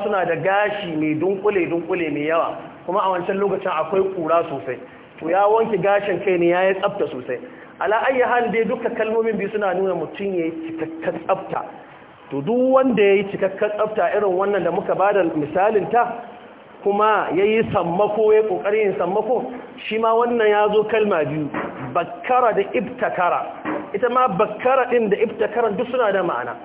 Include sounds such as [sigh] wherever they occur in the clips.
suna da gashi mai dunkule-dunkule mai yawa kuma a wancan lokacin akwai kura sosai to ya wanke gashin kai ne ya yi tsabta sosai ala ayyi dai duka kalmomin biyu suna nuna mutum ya yi cikakken tsabta to duk wanda ya yi cikakken tsafta irin wannan da muka ba da misalin ta kuma ya yi sammako ya kokari yin sammako shi ma wannan ya zo kalma biyu bakkara da ibtakara ita ma bakkara ɗin da ibtakaran duk suna da ma'ana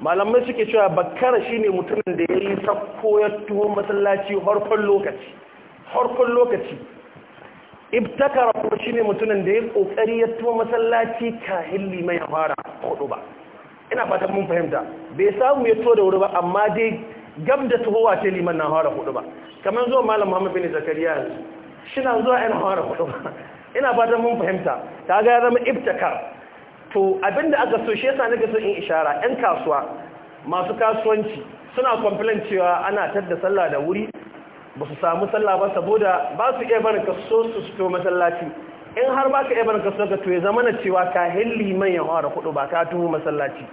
malamai suke cewa bakkara shine mutumin da ya yi sakko ya tuho masallaci harkon lokaci harkon lokaci ibtakara kuma shine mutumin da ya kokari ya tuho masallaci kahin limai ya fara hudu ba ina fatan mun fahimta bai samu ya tuwo da wuri ba amma dai gab da tuhowa ta liman na fara hudu ba kamar zuwa malam muhammad bin zakariya yanzu na zuwa yana fara hudu ba ina fatan mun fahimta ta ga ya zama ibtakara to abinda aka so shi yasa nake so in ishara ɗan kasuwa masu kasuwanci suna complain cewa ana tadda sallah da wuri ba su samu sallah ba saboda ba su iya barin kaso su su fito masallaci in har ba ka iya barin kaso ka to ya zama na cewa ka hilli manyan da kudu ba ka tuhu masallaci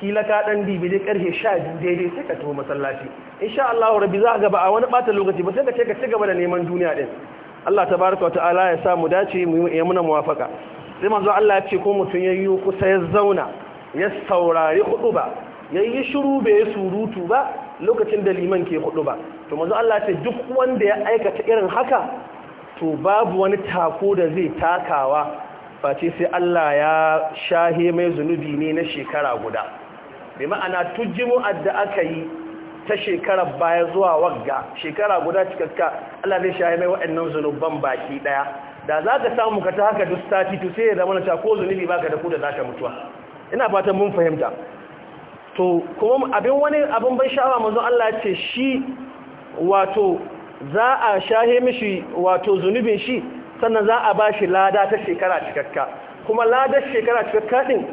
kila ka dan dai karfe sha daidai sai ka tuhu masallaci insha Allah rabbi za ga gaba a wani bata lokaci ba sai ka ce ka ci gaba da neman duniya din Allah tabaraka wa ta'ala ya sa mu dace mu yi muna muwafaka sai manzo Allah ya ce ko mutum ya yi kusa ya zauna ya saurari hudu ba ya yi shiru bai ya surutu ba lokacin da liman ke hudu ba to manzo Allah ya ce duk wanda ya aikata irin haka to babu wani tako da zai takawa face sai Allah ya shahe mai zunubi ne na shekara guda bi ma'ana tujimu adda aka yi ta shekarar baya zuwa wagga shekara guda cikakka Allah zai shahe mai waɗannan zunuban baki ɗaya da za ka samu ka ta haka duk sati to sai ya zama na ko zunubi baka da ku da za ka mutuwa ina fatan mun fahimta to kuma abin wani abin ban sha'awa manzo Allah ya ce shi wato za a shahe mishi wato zunubin shi sannan za a bashi lada ta shekara cikakka kuma lada, shekara cikakka din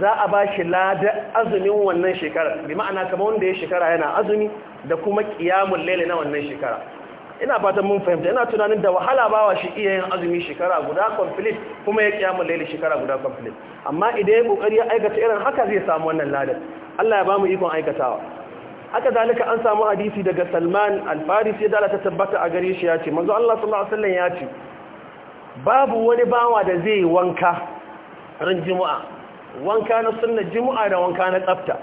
za a bashi lada azumin wannan shekara bi ma'ana kamar wanda ya shekara yana azumi da kuma kiyamun laila na wannan shekara ina fatan mun fahimta ina tunanin da wahala bawa shi iya yin azumi shekara guda complete kuma ya kiyamun laili shekara guda complete amma idan ya kokari ya aikata irin haka zai samu wannan ladan Allah ya bamu ikon aikatawa haka zalika an samu hadisi daga Salman al-Farisi da ta tabbata a gare shi ya ce manzo Allah sallallahu alaihi wasallam ya ce babu wani bawa da zai wanka ran jumu'a wanka na sunnar juma'a da wanka na tsafta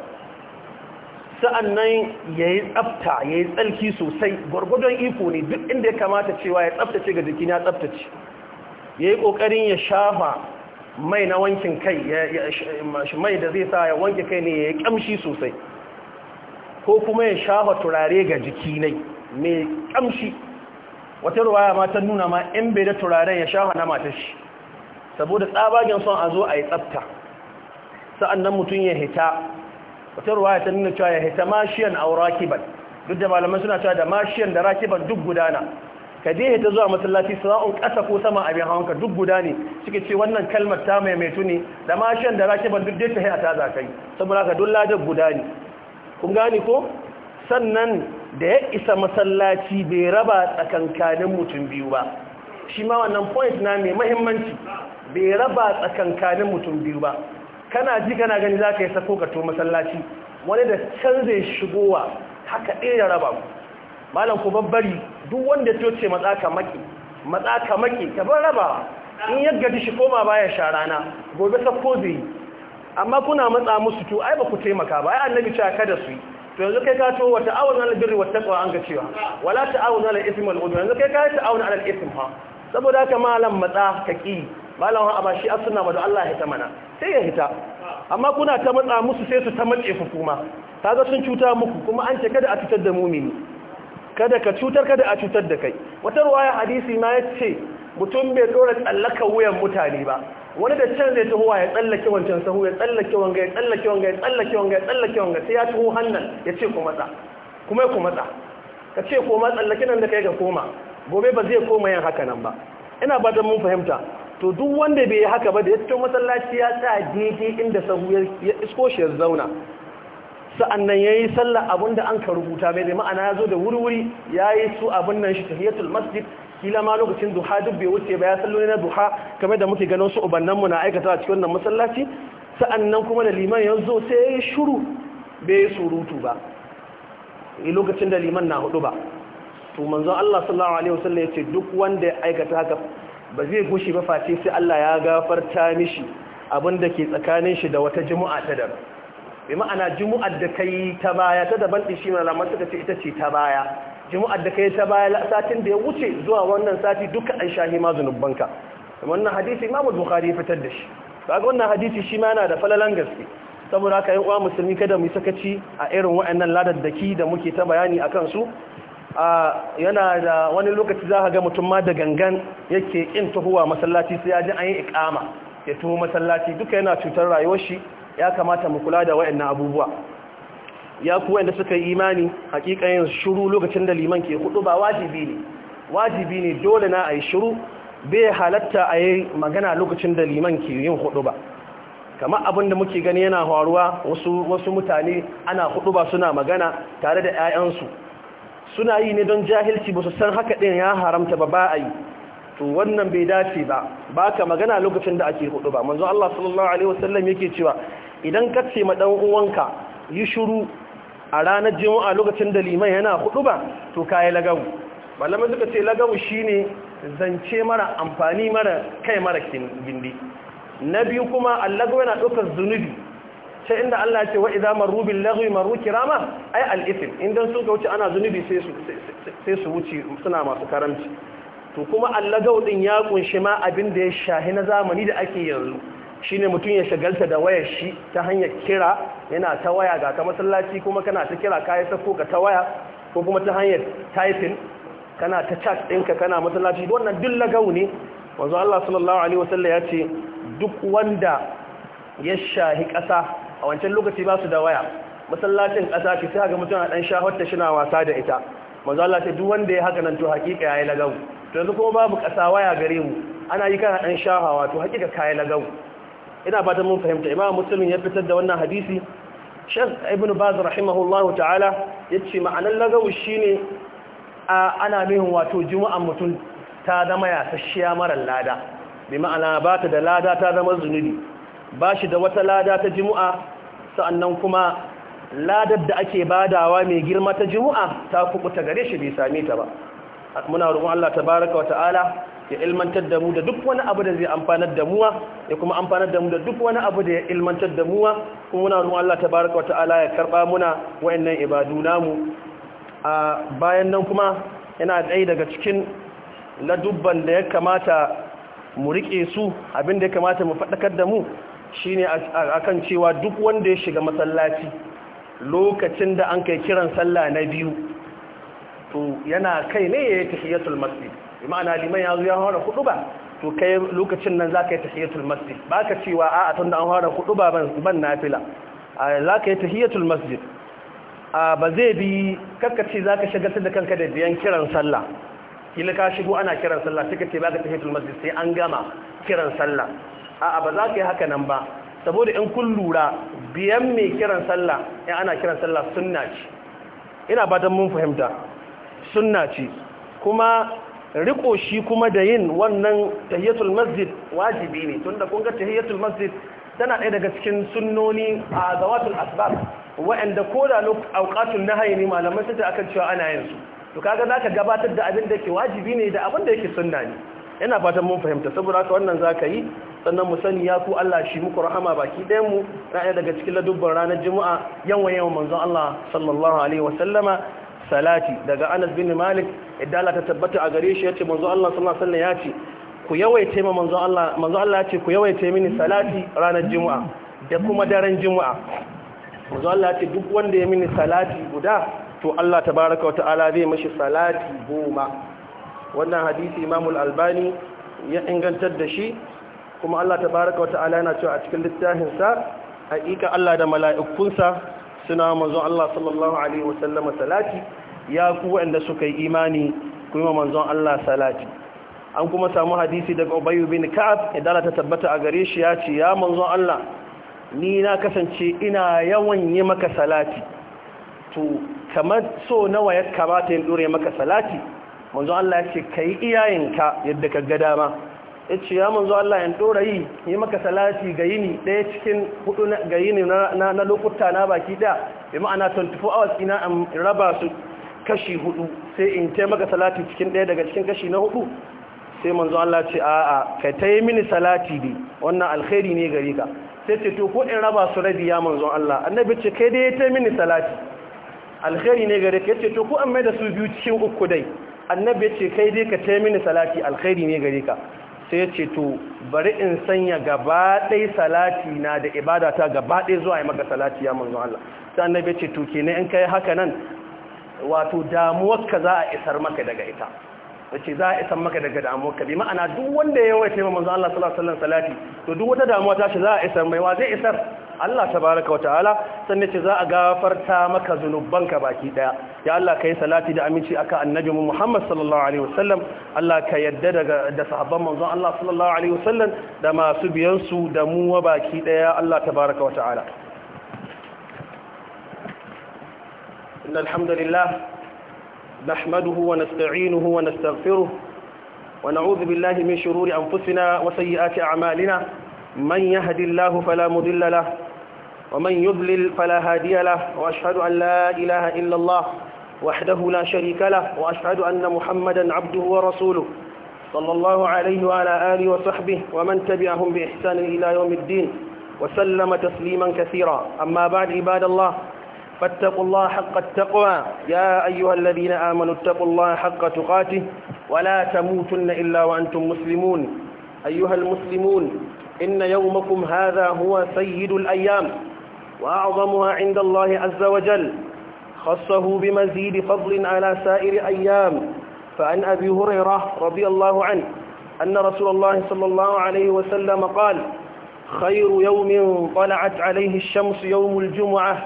sa'annan ya yi tsafta ya yi tsarki sosai gwargwadon iko ne duk inda ya kamata cewa ya tsaftace ga jikin ya tsaftace ya yi ƙoƙarin ya shafa mai na wankin kai mai da zai sa ya wanke kai ne ya yi ƙamshi sosai ko kuma ya shafa turare ga jiki ne mai ƙamshi wata ruwaya ma nuna ma in bai da turaren ya shafa na mata shi saboda tsabagen son a zo a yi tsafta sa'annan mutum ya hita wata ruwaya ta nuna cewa ya hita mashiyan a rakiban duk da malaman suna cewa da mashiyan da rakiban duk gudana ka je ta zuwa masallaci sanaun ƙasa ko sama abin hawanka duk guda ne suke ce wannan kalmar ta maimaitu ne da mashiyan da rakiban duk dai ta a ta zakai saboda ka dun ladar guda kun gane ko sannan da ya isa masallaci bai raba tsakankanin mutum biyu ba shi ma wannan point na mai mahimmanci bai raba tsakankanin mutum biyu ba kana ji kana gani za ka yi sako ka to masallaci wani da can zai shigowa haka ɗaya ya raba ku malam ku babbari duk wanda ce matsaka maki matsaka maki ta ban raba in ya shi koma baya sha rana gobe sako zai yi amma kuna matsa musu to ai ba ku taimaka ba ai annabi cewa kada su yi to yanzu kai ka to wa ta'awun ala birri wata taqwa an ga cewa wala ta'awun ala ismi wal udu yanzu kai ka ta'awun ala al ism ha saboda haka malam matsa ka ki malam ha ba shi asuna sunna Allah ya ta mana sai ya hita amma kuna ta matsa musu sai su ta matse hukuma ta ga sun cuta muku kuma an ce kada a cutar da mumini kada ka cutar kada a cutar da kai wata ruwaya hadisi ma ya ce mutum bai dora tsallaka wuyan mutane ba wani da can zai tuhuwa ya tsallake wancan sahu ya tsallake wanga ya tsallake wanga ya tsallake wanga ya tsallake wanga sai ya tuhu hannan ya ce ku matsa kuma ku matsa ka ce koma tsallake nan da kai ga koma gobe ba zai koma yin haka nan ba ina ba mun fahimta to duk wanda bai yi haka ba da ya fito masallaci ya sa daidai inda sahu ya isko shi ya zauna sa'annan yayi sallah abinda an ka rubuta bai da ma'ana ya zo da wuri-wuri ya yi su abin nan shi tahiyatul masjid kila ma lokacin duha duk bai wuce ba ya sallo na duha kamar da muke ganin su ubannanmu na aikata a cikin wannan masallaci sa'annan kuma da liman ya zo sai ya yi shuru bai surutu ba yi lokacin da liman na hudu ba to manzon Allah sallallahu alaihi wasallam ya ce duk wanda ya aikata haka ba zai gushi ba face sai Allah ya gafarta mishi abin da ke tsakanin shi da wata jimu'a ta da bi ma'ana juma'ar da kai ta baya ta daban din shi ne lamar suka ce ita ce ta baya juma'ar da kai ta baya satin da ya wuce zuwa wannan sati duka an shahi ma zunubanka wannan hadisi Imam Bukhari ya fitar da shi kaga wannan hadisi shi ma yana da falalan gaske saboda haka ƴan uwa musulmi kada mu sakaci a irin waɗannan ladaddaki da muke ta bayani akan su yana da wani lokaci za ka ga mutum ma da gangan yake ƙin tuhuwa masallaci sai ya ji an yi ikama ya tuhu masallaci duka yana cutar rayuwar shi ya kamata mu kula da wayannan abubuwa ya ku wayanda suka yi imani yin shiru lokacin da liman ke hudu ba wajibi ne wajibi ne dole na a yi shiru bai halatta a yi magana lokacin da liman ke yin hudu ba kamar abin da muke gani yana faruwa wasu mutane ana hudu ba suna magana tare da 'ya'yansu suna yi ne don jahilci ba su san haka ɗin ya haramta ba ba a yi to wannan bai dace ba ba ka magana lokacin da ake hudu ba manzo Allah sallallahu alaihi wasallam yake cewa idan ka ce ma dan uwanka yi shuru a ranar juma'a lokacin da liman yana hudu ba to kai lagawu malaman suka ce lagawu shine zance mara amfani mara kai mara gindi na biyu kuma allagawu yana ɗaukar zunubi ta inda Allah ce wa idza maru lagwi maru kirama ai al'ifin inda idan su ga wuce ana zunubi sai su wuce suna masu karamci to kuma allagau din ya kunshi ma abin da ya shahi na zamani da ake yanzu shine mutum ya shagalta da wayar shi ta hanyar kira yana ta waya ga ta masallaci kuma kana ta kira kai sako ka ta waya ko kuma ta hanyar typing kana ta chat ɗinka kana masallaci wannan duk lagau ne wanzu Allah sallallahu alaihi wasallam ya ce duk wanda ya shahi ƙasa a wancan lokaci ba su da waya masallacin ƙasa ki sai ga mutum a ɗan shahotta shi na wasa da ita manzo Allah sai duk wanda ya haka nan to hakika yi la'gau. to yanzu kuma babu ƙasa waya gare mu ana yi kana ɗan shahawa to hakika yi la'gau. ina fatan mun fahimta imam muslim ya fitar da wannan hadisi shan ibn baz rahimahullahu ta'ala yace ma'anar lagau shine ana nuhin wato juma'an mutum ta zama yasasshiya marar lada bi ma'ana ba ta da lada ta zama zunubi ba shi da wata lada ta jimu'a sa'annan kuma ladar da ake badawa mai girma ta jimu'a ta kubuta gare shi bai same ta ba muna roƙon Allah Ta baraka wa ta'ala ya ilmantar da mu da duk wani abu da zai amfanar da muwa ya kuma amfanar da mu da duk wani abu da ya ilmantar da muwa kuma muna roƙon Allah Ta baraka wa ta'ala ya karba muna wayannan ibadu namu a bayan nan kuma yana ɗaya daga cikin ladubban da ya kamata mu riƙe su abin da ya kamata mu faɗakar da mu Shi a kan cewa duk wanda ya shiga masallaci lokacin da an kai kiran sallah na biyu to yana kai ne ya yi tahiyatul masjid na liman ya zo ya fara hudu ba to kai lokacin nan za ka yi tafiyatul masjid ba ka cewa a a tunda an fara hudu ba ban fila, za ka yi tahiyatul masjid ba zai bi kakkaci za ka shiga da kanka da biyan kiran sallah kila ka shigo ana kiran sallah suka ce ba ka tafiyatul masjid sai an gama kiran sallah a'a ba za ka yi haka nan ba saboda in kun lura biyan mai kiran sallah in ana kiran sallah sunna ce ina ba don mun fahimta sunna ce kuma riko shi kuma da yin wannan tahiyatul masjid wajibi ne tunda kun ga tahiyatul masjid tana ɗaya daga cikin sunnoni a zawatul asbab wa'anda ko da auqatul na ne malamai suka akan cewa ana yin su to kaga zaka gabatar da abin da yake wajibi ne da abin da yake sunna ne ina fatan mun fahimta saboda haka wannan zaka yi sannan mu sani ya ku Allah shi muku rahama baki ɗayan mu ra'ayi daga cikin ladubban ranar juma'a yawan yawan manzon Allah sallallahu alaihi wa sallama salati daga Anas bin Malik idan Allah ta tabbata a gare shi yace manzon Allah sallallahu alaihi wa sallam yace ku yawaita ma manzon Allah manzon Allah yace ku yawaita mini salati ranar juma'a da kuma daren juma'a manzon Allah yace duk wanda ya mini salati guda to Allah tabaraka wa ta'ala zai mishi salati goma wannan hadisi Imam Al-Albani ya ingantar da shi kuma Allah ta baraka tabaraka ala yana cewa a cikin littafin sa haƙiƙa Allah da mala'ikunsa suna manzon Allah sallallahu alaihi wasallam salati ya ku wanda suka yi imani kuma manzon Allah salati an kuma samu hadisi daga Ubay bin Ka'ab idan ta tabbata a gare shi ya ce ya manzon Allah ni na kasance ina yawan yi maka salati to kamar so nawa ya kamata in dore maka salati manzon Allah ya ce kai iyayenka yadda ka ga dama ya ce ya manzo Allah yan ɗora yi yi maka salati ga yini ɗaya cikin hudu ga yini na lokuta na baki ɗaya bai ma'ana 24 hours ina an raba su kashi hudu sai in ta maka salati cikin ɗaya daga cikin kashi na hudu sai manzo Allah ce a'a kai ta yi mini salati ne wannan alkhairi ne gari ka sai ce to ko in raba su rabi ya manzo Allah annabi ce kai dai ta mini salati alkhairi ne gari ka ce to ko an mai da su biyu cikin uku dai annabi ce kai dai ka ta mini salati alkhairi ne gari ka sai ce to bari in sanya gaba ɗai salati na da ibadata gaba ɗai zuwa yi maka salati ya manzo Allah sai annabi ce to kenan in kai haka nan wato damuwarka za a isar maka daga ita ce za a isar maka daga damuwarka bi ma'ana duk wanda ya yawaita manzo Allah sallallahu alaihi wasallam salati to duk wata damuwa ta shi za a isar mai wa zai isar Allah tabaraka wataala sannan ce za a gafarta maka zunubanka baki daya ya Allah kai salati da aminci aka annabi Muhammad sallallahu alaihi wasallam Allah ka yadda daga da sahabban manzon Allah sallallahu alaihi wasallam da masu biyan su da mu wa baki daya Allah tabaraka wataala إن الحمد لله نحمده ونستعينه ونستغفره ونعوذ بالله من شرور أنفسنا وسيئات amalina. من يهد الله فلا مضل له ومن يضلل فلا هادي له وأشهد أن لا إله إلا الله وحده لا شريك له وأشهد أن محمدا عبده ورسوله صلى الله عليه وعلى آله وصحبه ومن تبعهم بإحسان إلى يوم الدين وسلم تسليما كثيرا أما بعد عباد الله فاتقوا الله حق التقوى يا أيها الذين آمنوا اتقوا الله حق تقاته ولا تموتن إلا وأنتم مسلمون أيها المسلمون إن يومكم هذا هو سيد الأيام وأعظمها عند الله عز وجل خصه بمزيد فضل على سائر أيام فعن أبي هريرة رضي الله عنه أن رسول الله صلى الله عليه وسلم قال خير يوم طلعت عليه الشمس يوم الجمعة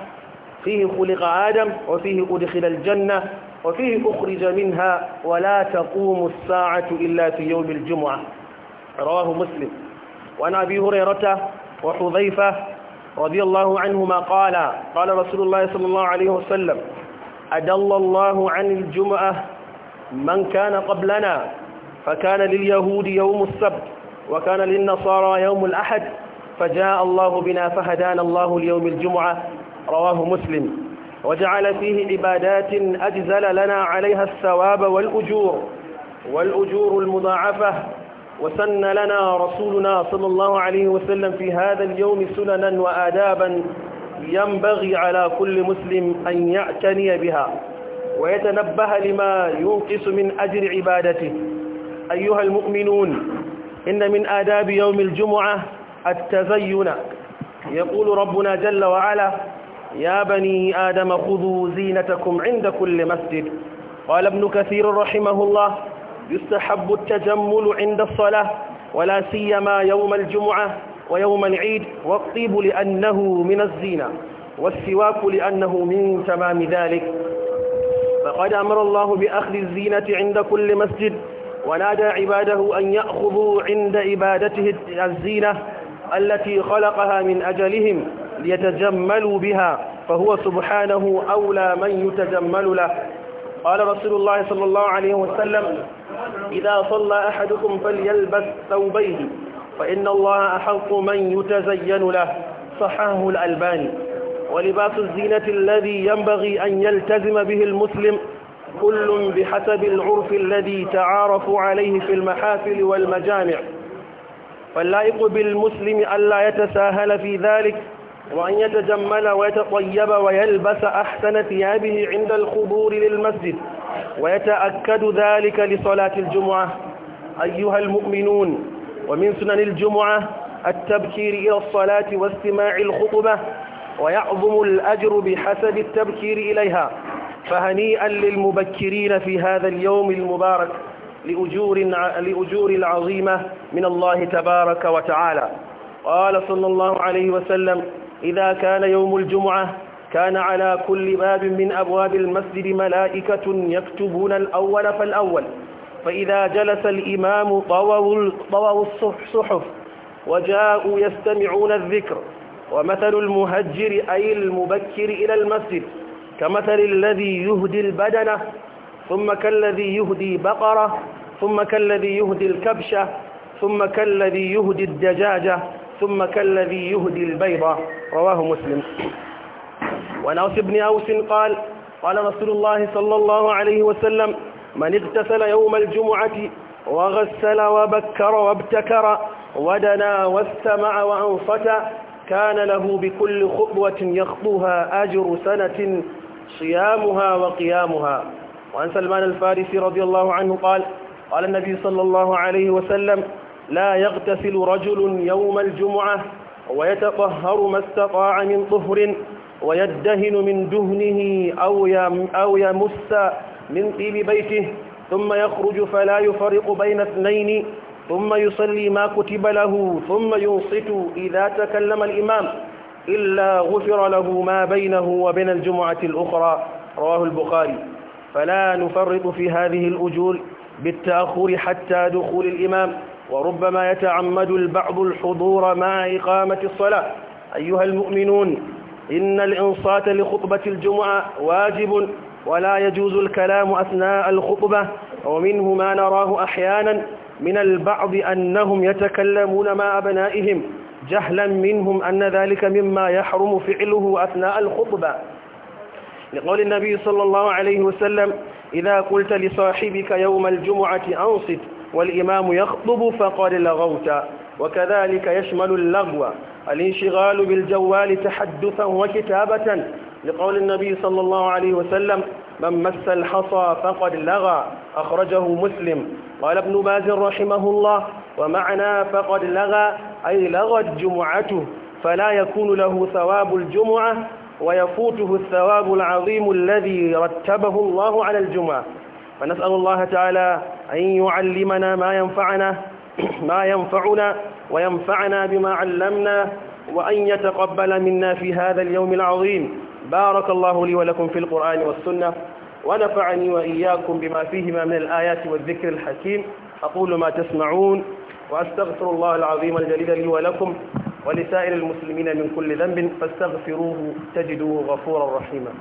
فيه خلق آدم وفيه أدخل الجنة وفيه أخرج منها ولا تقوم الساعة إلا في يوم الجمعة رواه مسلم وعن أبي هريرة وحذيفة رضي الله عنهما قال قال رسول الله صلى الله عليه وسلم أدل الله عن الجمعة من كان قبلنا فكان لليهود يوم السبت وكان للنصارى يوم الأحد فجاء الله بنا فهدانا الله ليوم الجمعة رواه مسلم وجعل فيه عبادات أجزل لنا عليها الثواب والأجور والأجور المضاعفة وسن لنا رسولنا صلى الله عليه وسلم في هذا اليوم سننا وآدابا ينبغي على كل مسلم أن يعتني بها ويتنبه لما ينقص من أجر عبادته أيها المؤمنون إن من آداب يوم الجمعة التزين يقول ربنا جل وعلا يا بني آدم خذوا زينتكم عند كل مسجد قال ابن كثير رحمه الله يستحب التجمل عند الصلاة ولا سيما يوم الجمعة ويوم العيد والطيب لأنه من الزينة والسواك لأنه من تمام ذلك فقد أمر الله بأخذ الزينة عند كل مسجد ونادى عباده أن يأخذوا عند عبادته الزينة التي خلقها من أجلهم ليتجملوا بها فهو سبحانه أولى من يتجمل له قال رسول الله صلى الله عليه وسلم إذا صلى أحدكم فليلبس ثوبيه فإن الله أحق من يتزين له صحاه الألباني ولباس الزينة الذي ينبغي أن يلتزم به المسلم كل بحسب العرف الذي تعارفوا عليه في المحافل والمجامع فاللائق بالمسلم ألا يتساهل في ذلك وأن يتجمل ويتطيب ويلبس أحسن ثيابه عند الخبور للمسجد ويتأكد ذلك لصلاة الجمعة أيها المؤمنون ومن سنن الجمعة التبكير إلى الصلاة واستماع الخطبة ويعظم الأجر بحسب التبكير إليها فهنيئا للمبكرين في هذا اليوم المبارك لأجور, لأجور عظيمة من الله تبارك وتعالى قال صلى الله عليه وسلم إذا كان يوم الجمعة كان على كل باب من أبواب المسجد ملائكة يكتبون الأول فالأول فإذا جلس الإمام طووا طووا الصحف وجاءوا يستمعون الذكر ومثل المهجر أي المبكر إلى المسجد كمثل الذي يهدي البدنة ثم كالذي يهدي بقرة ثم كالذي يهدي الكبشة ثم كالذي يهدي الدجاجة ثم كالذي يهدي البيضة رواه مسلم وعن اوس بن اوس قال قال رسول الله صلى الله عليه وسلم من اغتسل يوم الجمعة وغسل وبكر وابتكر ودنا واستمع وأنصت كان له بكل خطوة يخطوها أجر سنة صيامها وقيامها وعن سلمان الفارسي رضي الله عنه قال قال النبي صلى الله عليه وسلم لا يغتسل رجل يوم الجمعة ويتطهر ما استطاع من طهر ويدهن من دهنه أو أو يمس من طيب بيته ثم يخرج فلا يفرق بين اثنين ثم يصلي ما كتب له ثم ينصت إذا تكلم الإمام إلا غفر له ما بينه وبين الجمعة الأخرى رواه البخاري فلا نفرط في هذه الأجور بالتأخر حتى دخول الإمام وربما يتعمد البعض الحضور مع إقامة الصلاة أيها المؤمنون إن الإنصات لخطبة الجمعة واجب ولا يجوز الكلام أثناء الخطبة ومنه ما نراه أحيانا من البعض أنهم يتكلمون مع أبنائهم جهلا منهم أن ذلك مما يحرم فعله أثناء الخطبة لقول النبي صلى الله عليه وسلم إذا قلت لصاحبك يوم الجمعة أنصت والإمام يخطب فقد لغوت وكذلك يشمل اللغو الانشغال بالجوال تحدثا وكتابة لقول النبي صلى الله عليه وسلم من مس الحصى فقد لغى أخرجه مسلم قال ابن باز رحمه الله ومعنى فقد لغى أي لغت جمعته فلا يكون له ثواب الجمعة ويفوته الثواب العظيم الذي رتبه الله على الجمعة فنسأل الله تعالى أن يعلمنا ما ينفعنا [clears throat] ما ينفعنا وينفعنا بما علمنا وأن يتقبل منا في هذا اليوم العظيم بارك الله لي ولكم في القرآن والسنة ونفعني وإياكم بما فيهما من الآيات والذكر الحكيم أقول ما تسمعون وأستغفر الله العظيم الجليل لي ولكم ولسائر المسلمين من كل ذنب فاستغفروه تجدوه غفورا رحيما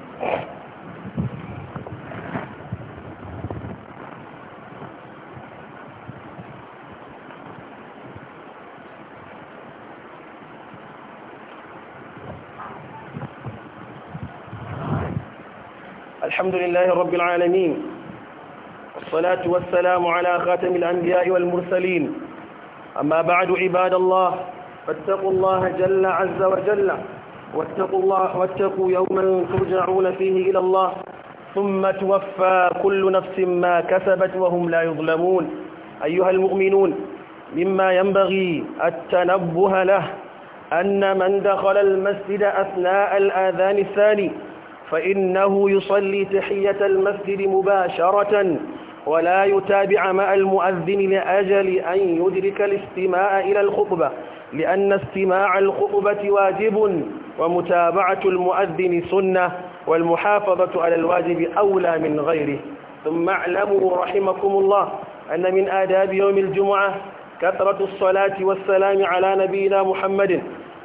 الحمد لله رب العالمين والصلاة والسلام على خاتم الأنبياء والمرسلين أما بعد عباد الله فاتقوا الله جل عز وجل واتقوا الله واتقوا يوما ترجعون فيه إلى الله ثم توفى كل نفس ما كسبت وهم لا يظلمون أيها المؤمنون مما ينبغي التنبه له أن من دخل المسجد أثناء الآذان الثاني فإنه يصلي تحية المسجد مباشرة ولا يتابع مع المؤذن لأجل أن يدرك الاستماع إلى الخطبة لأن استماع الخطبة واجب ومتابعة المؤذن سنة والمحافظة على الواجب أولى من غيره ثم اعلموا رحمكم الله أن من آداب يوم الجمعة كثرة الصلاة والسلام على نبينا محمد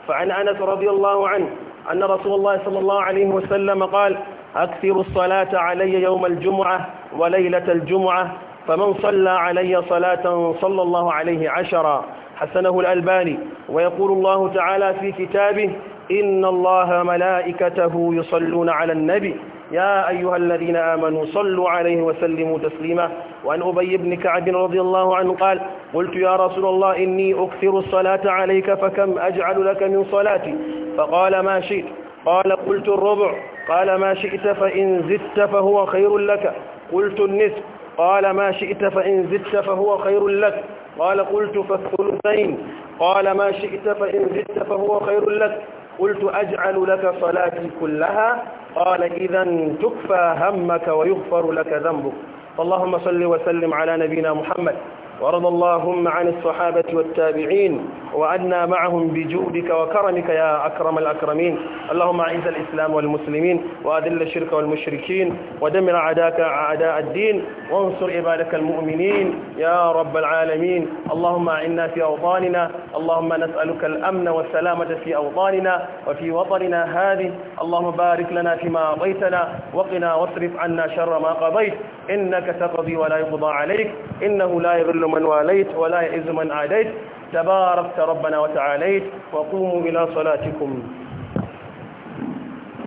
فعن أنس رضي الله عنه أن رسول الله صلى الله عليه وسلم قال أكثر الصلاة علي يوم الجمعة وليلة الجمعة فمن صلى علي صلاة صلى الله عليه عشرا حسنه الألباني ويقول الله تعالى في كتابه إن الله ملائكته يصلون على النبي يا أيها الذين آمنوا صلوا عليه وسلموا تسليما وعن أبي بن كعب رضي الله عنه قال قلت يا رسول الله إني أكثر الصلاة عليك فكم أجعل لك من صلاتي فقال ما شئت قال قلت الربع قال ما شئت فإن زدت فهو خير لك قلت النصف قال ما شئت فإن زدت فهو خير لك قال قلت فالثلثين قال ما شئت فإن زدت فهو خير لك قلت أجعل لك صلاتي كلها قال إذا تكفى همك ويغفر لك ذنبك اللهم صل وسلم على نبينا محمد وارض اللهم عن الصحابة والتابعين وعنا معهم بجودك وكرمك يا أكرم الأكرمين اللهم أعز الإسلام والمسلمين وأذل الشرك والمشركين ودمر عداك أعداء الدين وانصر عبادك المؤمنين يا رب العالمين اللهم أعنا في أوطاننا اللهم نسألك الأمن والسلامة في أوطاننا وفي وطننا هذه اللهم بارك لنا فيما أعطيتنا وقنا واصرف عنا شر ما قضيت إنك تقضي ولا يقضى عليك إنه لا يغل من واليت ولا يئز من عاديت تباركت ربنا وتعاليت وقوموا إلى صلاتكم